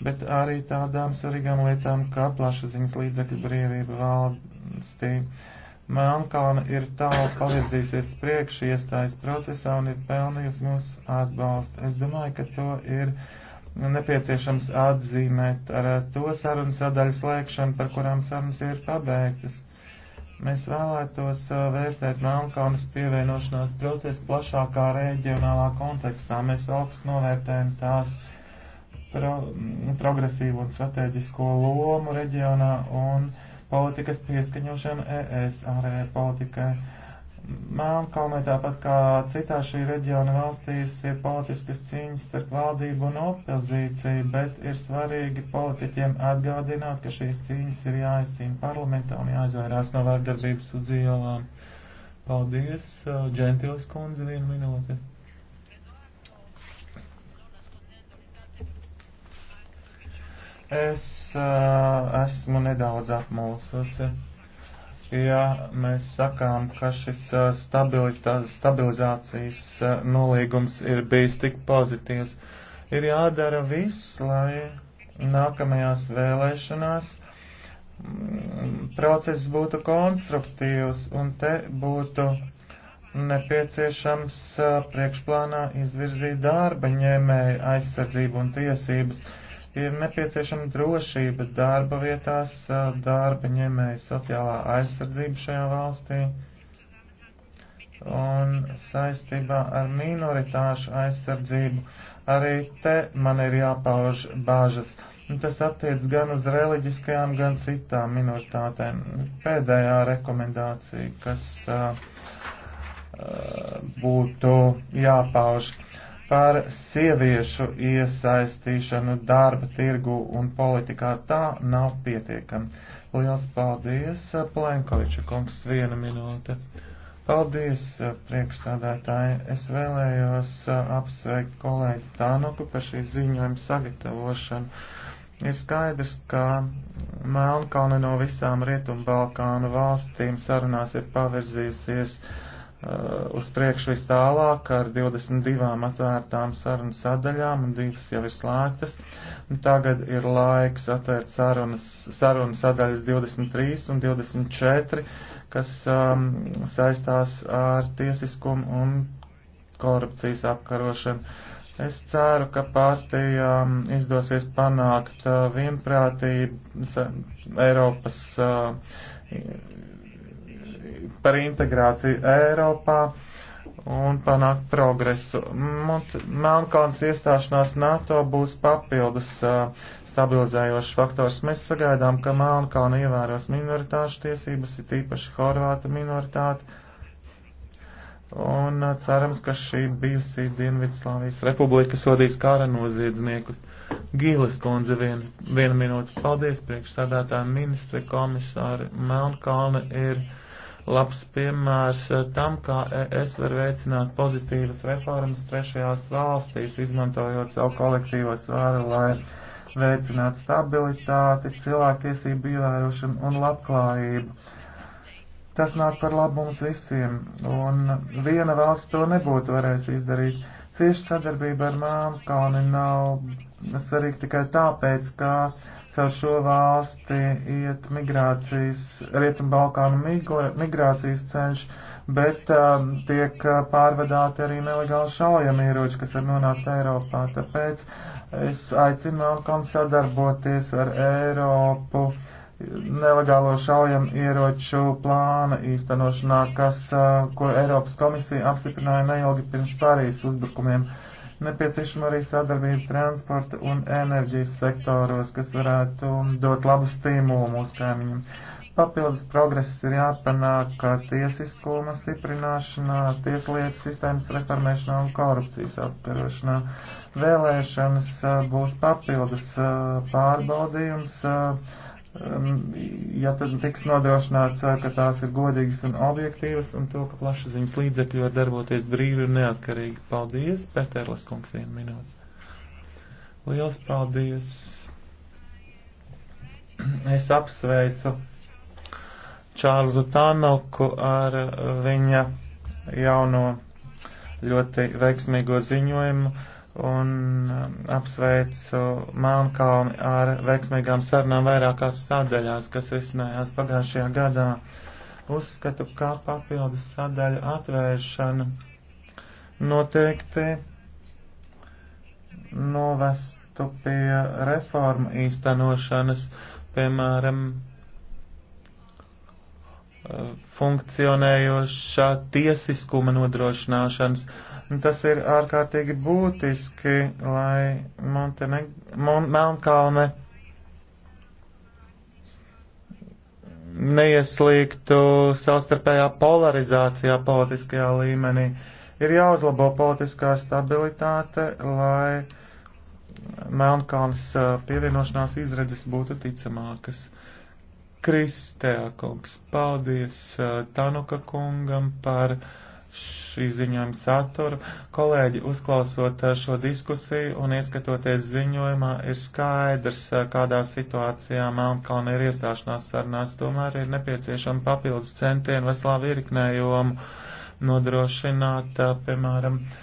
bet arī tādām svarīgām lietām kā plašaziņas līdzekļu brīvība valstī. Uh, Melnkalna ir tālu pavirzīsies priekšu iestājas procesā un ir pelnījusi mūsu atbalstu. Es domāju, ka to ir nepieciešams atzīmēt ar eh, to sarunu sadaļu slēgšanu, par kurām sarunas ir pabeigtas. Mēs vēlētos eh, vērtēt Melnkalnes pievienošanās procesu plašākā reģionālā kontekstā. Mēs augstu novērtējam tās pro progresīvu un strateģisko lomu reģionā un uh, politikas pieskaņošana ES ārējai politikai. Melnkalnē tāpat kā citā šī reģiona valstīs ir politiskas cīņas starp valdību un opozīciju, bet ir svarīgi politiķiem atgādināt, ka šīs cīņas ir jāizcīna parlamentā un jāizvairās no vārdarbības uz ielām. Paldies, Džentilis kundze, vienu minūti. Es uh, esmu nedaudz apmulsusi. Ja mēs sakām, ka šis stabilizācijas nolīgums ir bijis tik pozitīvs, ir jādara viss, lai nākamajās vēlēšanās mm, process būtu konstruktīvs un te būtu nepieciešams priekšplānā izvirzīt darba ņēmēju aizsardzību un tiesības ir nepieciešama drošība darba vietās, darba ņēmēja sociālā aizsardzība šajā valstī un saistībā ar minoritāšu aizsardzību. Arī te man ir jāpauž bāžas. Tas attiec gan uz reliģiskajām, gan citām minoritātēm. Pēdējā rekomendācija, kas uh, būtu jāpauž par sieviešu iesaistīšanu darba tirgu un politikā tā nav pietiekama. Liels paldies, Plenkoviča kungs, viena minūte. Paldies, priekšsādātāji. Es vēlējos apsveikt kolēģi Tānuku par šī ziņojuma sagatavošanu. Ir skaidrs, ka Melnkalne no visām Rietumbalkānu valstīm sarunās ir pavirzījusies Eh, uz priekšu vis tālāk ar 22 atvērtām sarunu sadaļām, un divas jau ir slēgtas. Nu, tagad ir laiks atvērt sarunas, sarunu sadaļas 23 un 24, kas um, saistās ar tiesiskumu un korupcijas apkarošanu. Es ceru, ka partijām izdosies panākt uh, vienprātību Eiropas uh, par integrāciju Eiropā un panākt progresu. Melnkalns iestāšanās NATO būs papildus uh, stabilizējošs faktors. Mēs sagaidām, ka Melnkalna ievēros minoritāšu tiesības, ir tīpaši horvātu minoritāti. Un uh, cerams, ka šī bijusī Dienvidslāvijas republika sodīs kara noziedzniekus. Gīles kundze vien, vienu minūti. Paldies priekšsādātājiem ministri, komisāri. Melnkalna ir labs piemērs eh, tam, kā es varu veicināt pozitīvas reformas trešajās valstīs, izmantojot savu kolektīvo svāru, lai veicinātu stabilitāti, cilvēktiesību ievērošanu un labklājību. Tas nāk par labu mums visiem, un viena valsts to nebūtu varējusi izdarīt. Cieši sadarbība ar Māmkauni nav svarīga tikai tāpēc, ka Caur šo valsti iet migrācijas, Rietumbalkānu migrācijas ceļš, bet um, tiek uh, pārvadāti arī nelegāli šaujamieroči, kas var nonākt Eiropā. Tāpēc es aicinu Melkom sadarboties ar Eiropu nelegālo šaujamieroču plāna īstenošanā, kas, uh, ko Eiropas komisija apstiprināja neilgi pirms Pārijas uzbrukumiem. Uh, Nepieciešama arī sadarbība transporta un enerģijas sektoros, kas varētu dot labu stimulu mūsu kaimiņiem. Papildus progress ir jāpanāk tiesiskuma stiprināšanā, tieslietu sistēmas reformēšanā un korupcijas apkarošanā. Vēlēšanas uh, būs papildus uh, pārbaudījums uh, Um, ja tad tiks nodrošināts, uh, ka tās ir godīgas un objektīvas, un to, ka plašsaziņas līdzekļi var darboties brīvi un neatkarīgi. Paldies, Pēterlis kungs, vienu minūti. Liels paldies! Es apsveicu Čārlzu Tānoku ar uh, viņa jauno ļoti veiksmīgo ziņojumu un um, apsveicu Melnkalni ar veiksmīgām sarunām vairākās sadaļās, kas risinājās pagājušajā gadā. Uzskatu, kā papildus sadaļu atvēršana noteikti novestu pie reformu īstenošanas, piemēram, uh, funkcionējoša tiesiskuma nodrošināšanas Tas ir ārkārtīgi būtiski, lai Monteneg Mon Melnkalne neieslīgtu savstarpējā polarizācijā politiskajā līmenī. Ir jāuzlabo politiskā stabilitāte, lai Melnkalnes pievienošanās izredzes būtu ticamākas. Kristēkungs, paldies Tanuka kungam par šī ziņojuma saturu. Kolēģi, uzklausot eh, šo diskusiju un ieskatoties ziņojumā, ir skaidrs, eh, kādā situācijā Melnkalna ir iestāšanās sarunās. Tomēr ir nepieciešama papildus centieni veselā virknējumu nodrošināt, eh, piemēram, uh,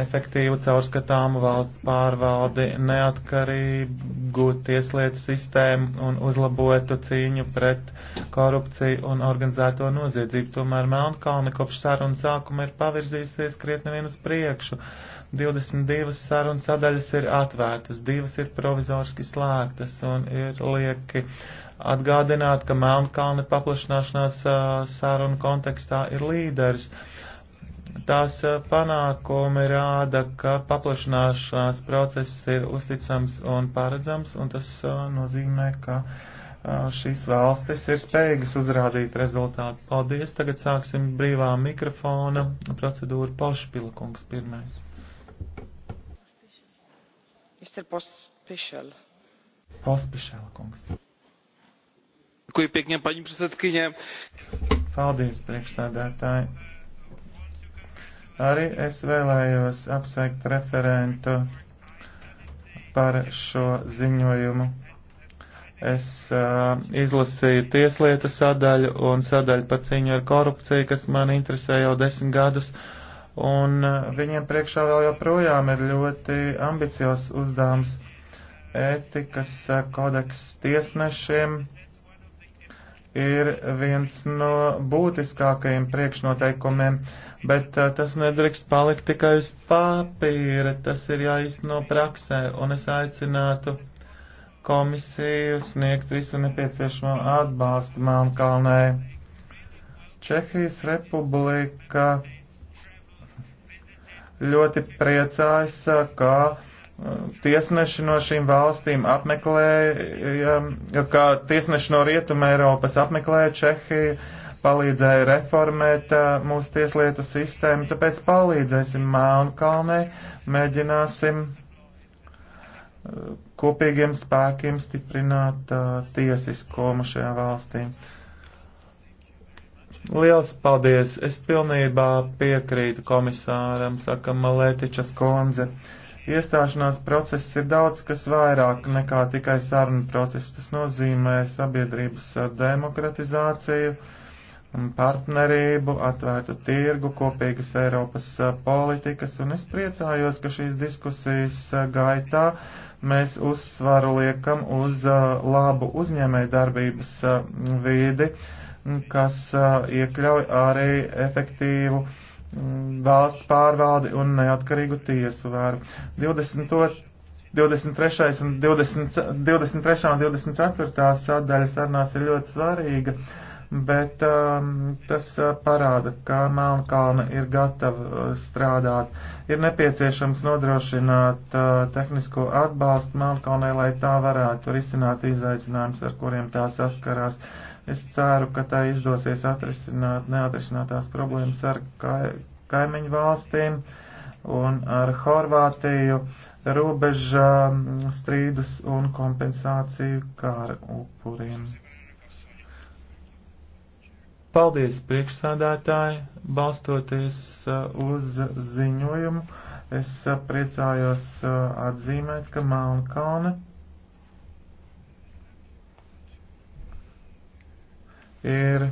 efektīvu caurskatāmu valsts pārvaldi, neatkarīgu tieslietu sistēmu un uzlabotu cīņu pret korupciju un organizēto noziedzību. Tomēr Melnkalne kopš sarunu sākuma ir pavirzījusies krietni vien uz priekšu. 22 sarunu sadaļas ir atvērtas, divas ir provizoriski slēgtas un ir lieki atgādināt, ka Melnkalne paplašināšanās sarunu kontekstā ir līderis. Uh, Tās eh, panākumi rāda, ka paplašanāšanās process ir uzticams un paredzams, un tas eh, nozīmē, ka eh, šīs valstis ir spējīgas uzrādīt rezultātu. Paldies! Tagad sāksim brīvā mikrofona procedūru. Pošpilkungs pirmais. Mr. Pospišel. Pospišel kungs. Děkuji pěkně, paní předsedkyně. Paldies, priekšstādātāji. Arī es vēlējos apsveikt referentu par šo ziņojumu. Es uh, izlasīju tieslietu sadaļu un sadaļu par cīņu ar korupciju, kas man interesē jau desmit gadus, un uh, viņiem priekšā vēl joprojām ir ļoti ambiciozs uzdevums. Ētikas uh, kodeks tiesnešiem ir viens no būtiskākajiem priekšnoteikumiem, bet uh, tas nedrīkst palikt tikai uz papīra, tas ir jāizno praksē, un es aicinātu komisiju sniegt visu nepieciešamo atbalstu Melnkalnē. Čehijas republika ļoti priecājas, ka tiesneši no šīm valstīm apmeklēja, kā tiesneši no Rietuma Eiropas apmeklēja Čehiju, palīdzēja reformēt uh, mūsu tieslietu sistēmu, tāpēc palīdzēsim Melnkalnē, mēģināsim uh, kopīgiem spēkiem stiprināt uh, tiesiskumu šajā valstī. Liels paldies! Es pilnībā piekrītu komisāram, saka Malētičas kundze. Uh, Iestāšanās process ir daudz kas vairāk nekā tikai sarunu process. Tas nozīmē sabiedrības demokratizāciju, partnerību, atvērtu tirgu, kopīgas Eiropas politikas, un es priecājos, ka šīs diskusijas gaitā mēs uzsvaru liekam uz uh, labu uzņēmēju darbības uh, vīdi, kas uh, iekļauj arī efektīvu Mm, valsts pārvaldi un neatkarīgu tiesu vēru. 20. 23. un 20, 23. un 24. sadaļa sarunās ir ļoti svarīga, bet um, tas uh, parāda, ka Melnkalna ir gatava uh, strādāt. Ir nepieciešams nodrošināt uh, tehnisko atbalstu Melnkalnai, lai tā varētu risināt izaicinājumus, ar kuriem tā saskarās. Uh, Es ceru, ka tā izdosies atrisināt neatrisinātās problēmas ar kai, kaimiņu valstīm un ar Horvātiju robeža strīdus un kompensāciju kāra upuriem. Paldies priekšsādātāji, balstoties uh, uz ziņojumu. Es uh, priecājos uh, atzīmēt, ka Melnkalne ir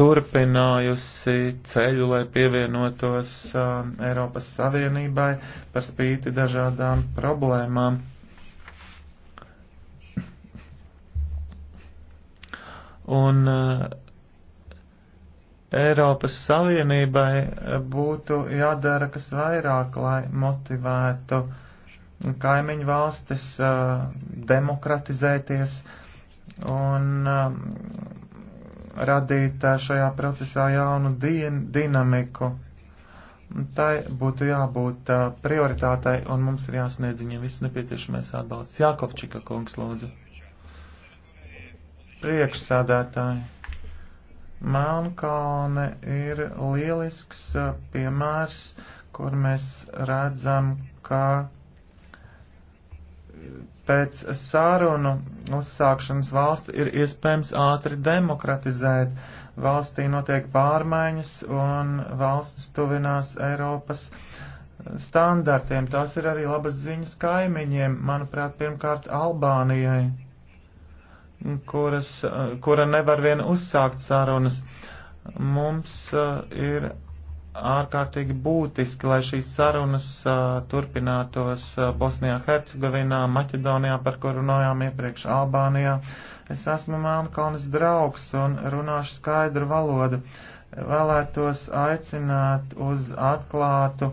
turpinājusi ceļu, lai pievienotos uh, Eiropas Savienībai par spīti dažādām problēmām. Un uh, Eiropas Savienībai būtu jādara kas vairāk, lai motivētu kaimiņu valstis uh, demokratizēties, uh, un um, radīt uh, šajā procesā jaunu din dinamiku. Tai būtu jābūt uh, prioritātei, un mums ir jāsniedz viņiem viss nepieciešamais atbalsts. Jākovčika kungs, lūdzu. Priekšsādātāji. Melnkalne ir lielisks uh, piemērs, kur mēs redzam, ka Pēc sārunu uzsākšanas valsti ir iespējams ātri demokratizēt. Valstī notiek pārmaiņas un valsts tuvinās Eiropas standartiem. Tās ir arī labas ziņas kaimiņiem, manuprāt, pirmkārt Albānijai, kuras, kura nevar vien uzsākt sarunas. Mums uh, ir ārkārtīgi būtiski, lai šīs sarunas uh, turpinātos uh, Bosnijā, Hercegovinā, Maķedonijā, par ko runājām iepriekš, Albānijā. Es esmu Melnkalnes draugs un runāšu skaidru valodu. Vēlētos aicināt uz atklātu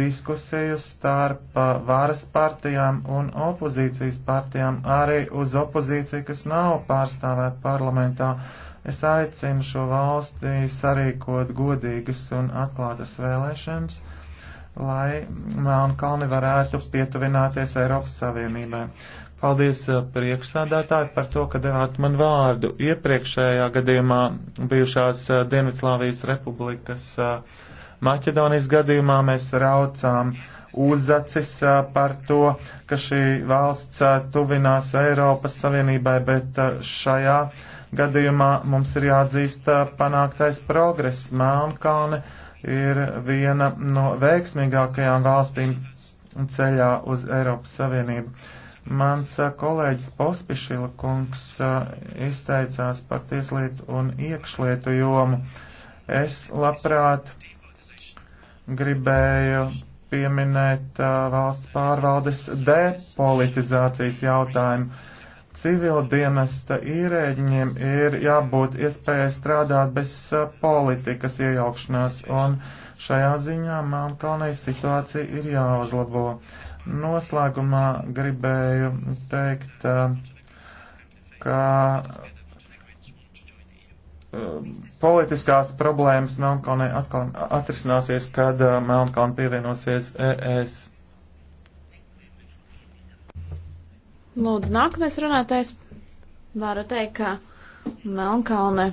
diskusiju starp uh, varas partijām un opozīcijas partijām, arī uz opozīciju, kas nav pārstāvēt parlamentā Es aicinu šo valsti sarīkot godīgas un atklātas vēlēšanas, lai Melnkalni varētu pietuvināties Eiropas Savienībai. Paldies eh, priekšsādātāji par to, ka devāt man vārdu. Iepriekšējā gadījumā bijušās eh, Dienvidslāvijas republikas eh, Maķedonijas gadījumā mēs raucām uzacis par to, ka šī valsts tuvinās Eiropas Savienībai, bet šajā gadījumā mums ir jāatzīst panāktais progress. Melnkalne ir viena no veiksmīgākajām valstīm ceļā uz Eiropas Savienību. Mans kolēģis Pospišila kungs izteicās par tieslietu un iekšlietu jomu. Es labprāt gribēju pieminēt valsts pārvaldes depolitizācijas jautājumu civildienesta īrēģiņiem ir jābūt iespējai strādāt bez uh, politikas iejaukšanās, un šajā ziņā Māmkalnei situācija ir jāuzlabo. Noslēgumā gribēju teikt, uh, ka uh, politiskās problēmas Melnkalnē atkal atrisināsies, kad Melnkalna pievienosies ES. Lūdzu, nākamais runātais. Varu teikt, ka Melnkalne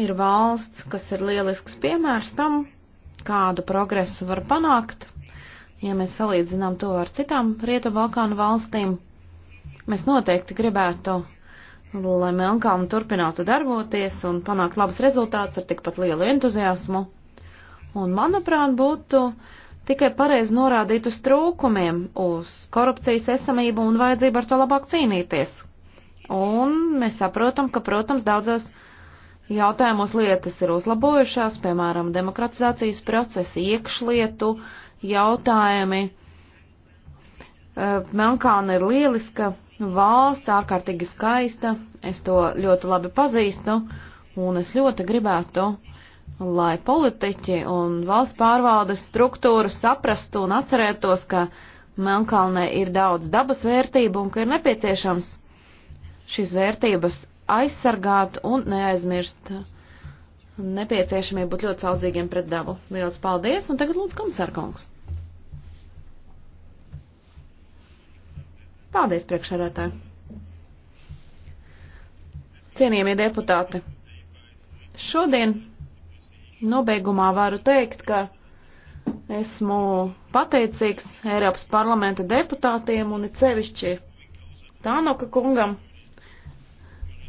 ir valsts, kas ir lielisks piemērs tam, kādu progresu var panākt, ja mēs salīdzinām to ar citām Rietu-Balkānu valstīm. Mēs noteikti gribētu, lai Melnkalna turpinātu darboties un panākt labus rezultātus ar tikpat lielu entuziasmu. Un, manuprāt, būtu tikai pareizi norādīt uz trūkumiem, uz korupcijas esamību un vajadzību ar to labāk cīnīties. Un mēs saprotam, ka, protams, daudzos jautājumos lietas ir uzlabojušās, piemēram, demokratizācijas procesi, iekšlietu jautājumi. Melnkalna ir lieliska valsts, ārkārtīgi skaista, es to ļoti labi pazīstu, un es ļoti gribētu lai politiķi un valsts pārvaldes struktūras saprastu un atcerētos, ka Melnkalnē ir daudz dabas vērtību un ka ir nepieciešams šīs vērtības aizsargāt un neaizmirst nepieciešamību būt ļoti saudzīgiem pret dabu. Lielas paldies, un tagad lūdzu komisārkungs. Paldies, priekšsarētāji. Cienījamie deputāti, šodien Nobeigumā varu teikt, ka esmu pateicīgs Eiropas parlamenta deputātiem un it sevišķi Tānoka kungam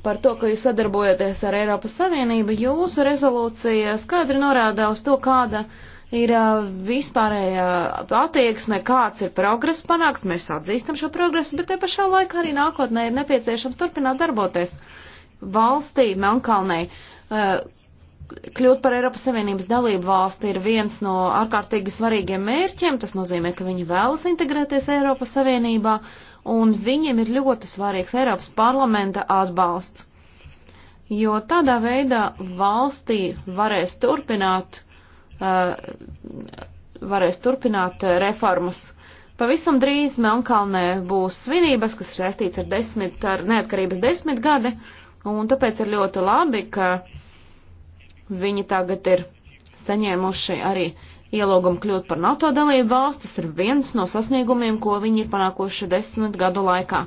par to, ka jūs sadarbojaties ar Eiropas Savienību. Jūsu rezolūcija skaidri norāda uz to, kāda ir vispārējā attieksme, kāds ir progress panāks. Mēs atzīstam šo progresu, bet te pašā laikā arī nākotnē ir nepieciešams turpināt darboties valstī Melnkalnei kļūt par Eiropas Savienības dalību valsti ir viens no ārkārtīgi svarīgiem mērķiem. Tas nozīmē, ka viņi vēlas integrēties Eiropas Savienībā, un viņiem ir ļoti svarīgs Eiropas parlamenta atbalsts. Jo tādā veidā valstī varēs turpināt, uh, varēs turpināt reformas. Pavisam drīz Melnkalnē būs svinības, kas ir saistīts ar, desmit, ar neatkarības desmitgadi, un tāpēc ir ļoti labi, ka uh, Viņi tagad ir saņēmuši arī ielūgumu kļūt par NATO dalību valsts. Tas ir viens no sasniegumiem, ko viņi ir panākuši desmit gadu laikā.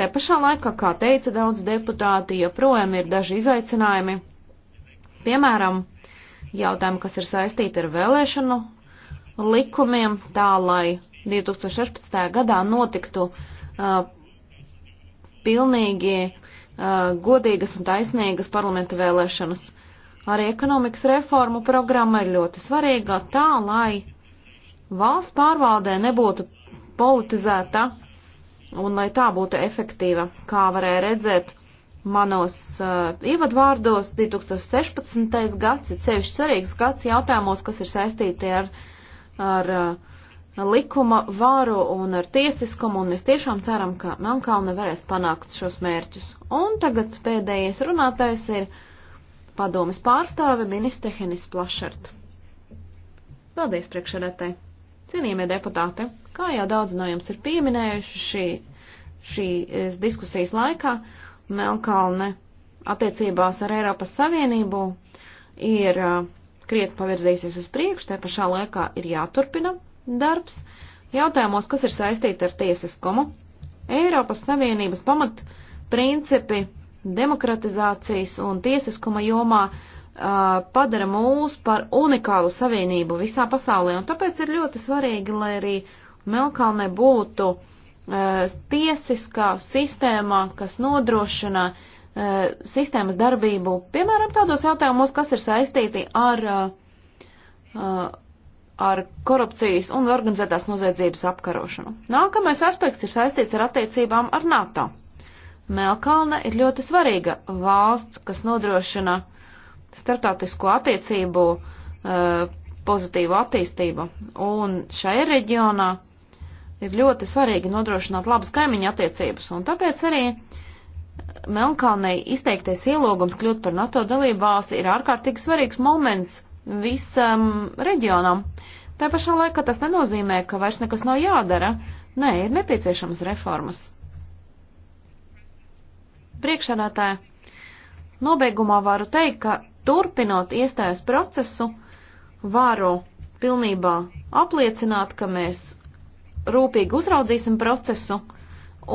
Te pašā laikā, kā teica daudz deputāti, joprojām ir daži izaicinājumi. Piemēram, jautājumi, kas ir saistīti ar vēlēšanu likumiem, tā lai 2016. gadā notiktu uh, pilnīgi uh, godīgas un taisnīgas parlamenta vēlēšanas. Arī ekonomikas reformu programma ir ļoti svarīga tā, lai valsts pārvaldē nebūtu politizēta un lai tā būtu efektīva. Kā varēja redzēt manos uh, ievadvārdos, 2016. gads ir cevišķi svarīgs gads jautājumos, kas ir saistīti ar, ar uh, likuma varu un ar tiesiskumu, un mēs tiešām ceram, ka Melnkalne varēs panākt šos mērķus. Un tagad pēdējais runātājs ir padomas pārstāve ministre Henis Plašert. Paldies priekšsēdētāji! Cienījamie deputāti, kā jau daudz no jums ir pieminējuši šī, šīs diskusijas laikā, Melkalne attiecībās ar Eiropas Savienību ir krietni pavirzīsies uz priekšu, te pašā laikā ir jāturpina darbs jautājumos, kas ir saistīti ar tiesiskumu. Eiropas Savienības pamat principi demokratizācijas un tiesiskuma jomā uh, padara mūs par unikālu savienību visā pasaulē. Un tāpēc ir ļoti svarīgi, lai arī Melkalne būtu uh, tiesiskā sistēmā, kas nodrošina uh, sistēmas darbību, piemēram, tādos jautājumos, kas ir saistīti ar, ar korupcijas un organizētās noziedzības apkarošanu. Nākamais aspekts ir saistīts ar attiecībām ar NATO. Melkalna ir ļoti svarīga valsts, kas nodrošina starptautisko attiecību eh, pozitīvu attīstību. Un šajā reģionā ir ļoti svarīgi nodrošināt labas kaimiņa attiecības. Un tāpēc arī Melnkalnei izteiktais ielūgums kļūt par NATO dalību valsti ir ārkārtīgi svarīgs moments visam reģionam. Tā pašā laikā tas nenozīmē, ka vairs nekas nav jādara. Nē, ir nepieciešamas reformas priekšsēdētāja. Nobeigumā varu teikt, ka turpinot iestājas procesu, varu pilnībā apliecināt, ka mēs rūpīgi uzraudzīsim procesu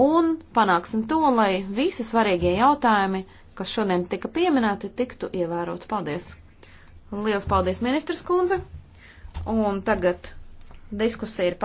un panāksim to, lai visi svarīgie jautājumi, kas šodien tika pieminēti, tiktu ievērot. Paldies! Lielas paldies, ministrs kundze! Un tagad diskusija ir.